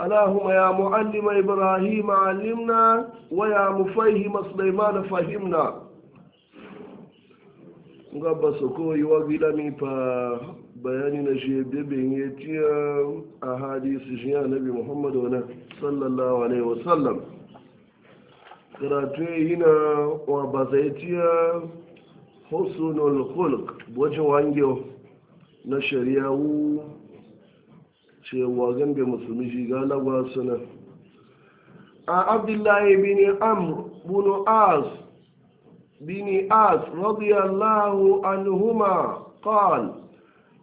اللهم يا معلم إبراهيم علمنا ويا مفهم سليمان فهمنا ngaba soko yiwa gila mi fa bayani na shi bebe ya tiya a hadisi shi annabi muhammadu wa sallallahu alaihi wasallam yi na wa ba zai tiya husnul khulq wajen wangewa na shari'a cewa gambe musulmi shi galaba suna a abdullahi bini amr bunu as bini as radiyallahu anhuma qal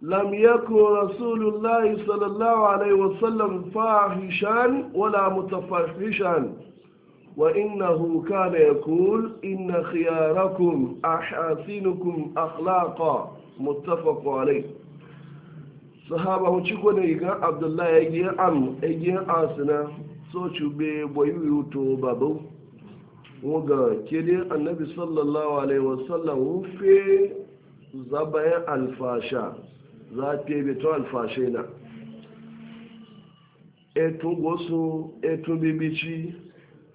lam yakun rasulullahi sallallahu alaihi wasallam fahishan wala mutafahishan وإنه كان يقول إن خياركم أحاسنكم أخلاقا متفق عليه sahaba ci ko da igan abdullahi ya giyan an ya giyan asina so cube boyu yuto babu ga kede annabi sallallahu alaihi wasallam wufe zabayan alfasha za ke beto alfashe na etun gosu etun bibici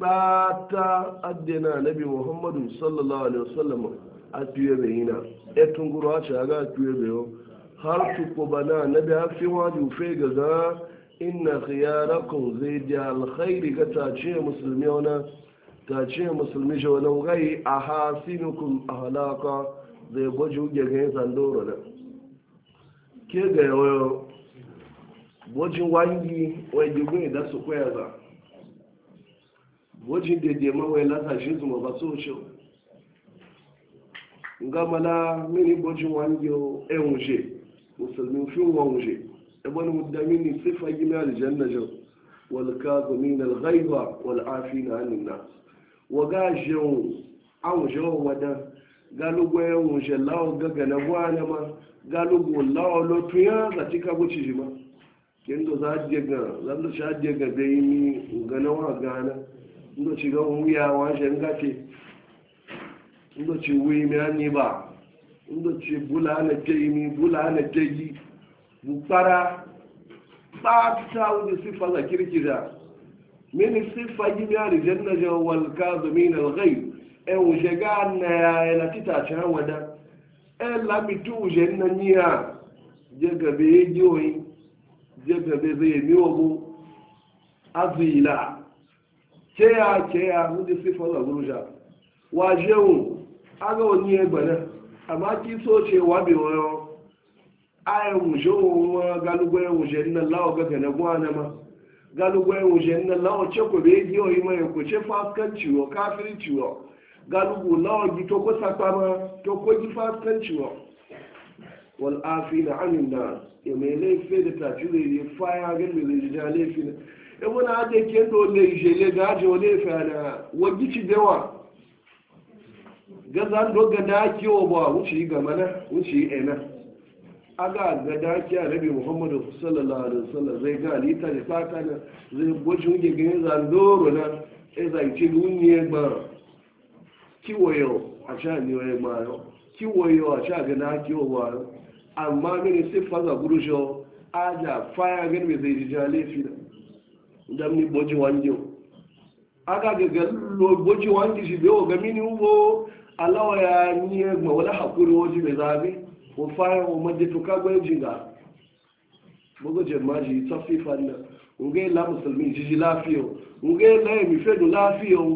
ɓata adina nabi muhammadu sallallahu alaihi wasallam a fiye bayina etun guru a shaga a fiye bayo har su ko bana na da fi waju fe ga za inna khiyarakum zai da alkhairi ga ta ce musulmi wana ta ce musulmi shi wani gai a hasinukum a halaka zai gwaji hujja ga yin sandoro da ke ga yawayo gwajin wangi wai gigun da su koya za gwajin da dema wai lasa shi su ma ba so shi gamala mini gwajin wangi o ehun musulmi fi wa wuce ibn mudamini sifa gina aljanna jin wal kazimin al ghaiba wal afina anin nas wa gajin an wuce wa wadan galugo ya wuce lawo gaga na gwana ma galugo lawo lotuya ga cika buci ma kendo za a jega zan da sha jega da yi ni gana wa gana ndo ci ga wuya wa shan gace ndo ci wuyi mi an ni ba ndochi bula na ana keimi bula na ana keyi bukpara ta wani siffa za kirkira mini siffa yi mi alijanna je wal kazimin al ghaib e uje ga na ya na e tita cha wada e la mi tu uje na nia je gabe yi oyin je gabe ze mi ogo azila ke ya ke ya wani siffa za guruja wajewu aga oni egbana amma ki so cewa bai wayo ayan wuje wa galugo ya wuje na lawo ga ga na ma galugo ya wuje na lawo ce ko be o ko faskan ciwo kafiri ciwo galugo lawo gi to ko ma to ko gi faskan ciwo wal afina anin ga e wona ade le ga le fa na ci gazan doga daki wa ba wuce ga mana wuce ena a ga daki a nabi muhammadu sallallahu alaihi wasallam zai ga alita da fata na zai gwaji wuce ga zandoro na e zai ce duniya ba kiwoyo a sha ni waye ma yo kiwoyo a sha ga daki wa ba amma gani sai faza gurujo aja faya gani bai zai ji jalefi da dan ni boji wanjo aga ga lo boji wanji shi bewo ga mini ubo alawa ya niye ma wala hakuri waje bai zabe ko fayan o maje to kago yin jinga bugo jemaji tafifa na ngai la musulmi jiji lafiyo ngai la mi fedu lafiyo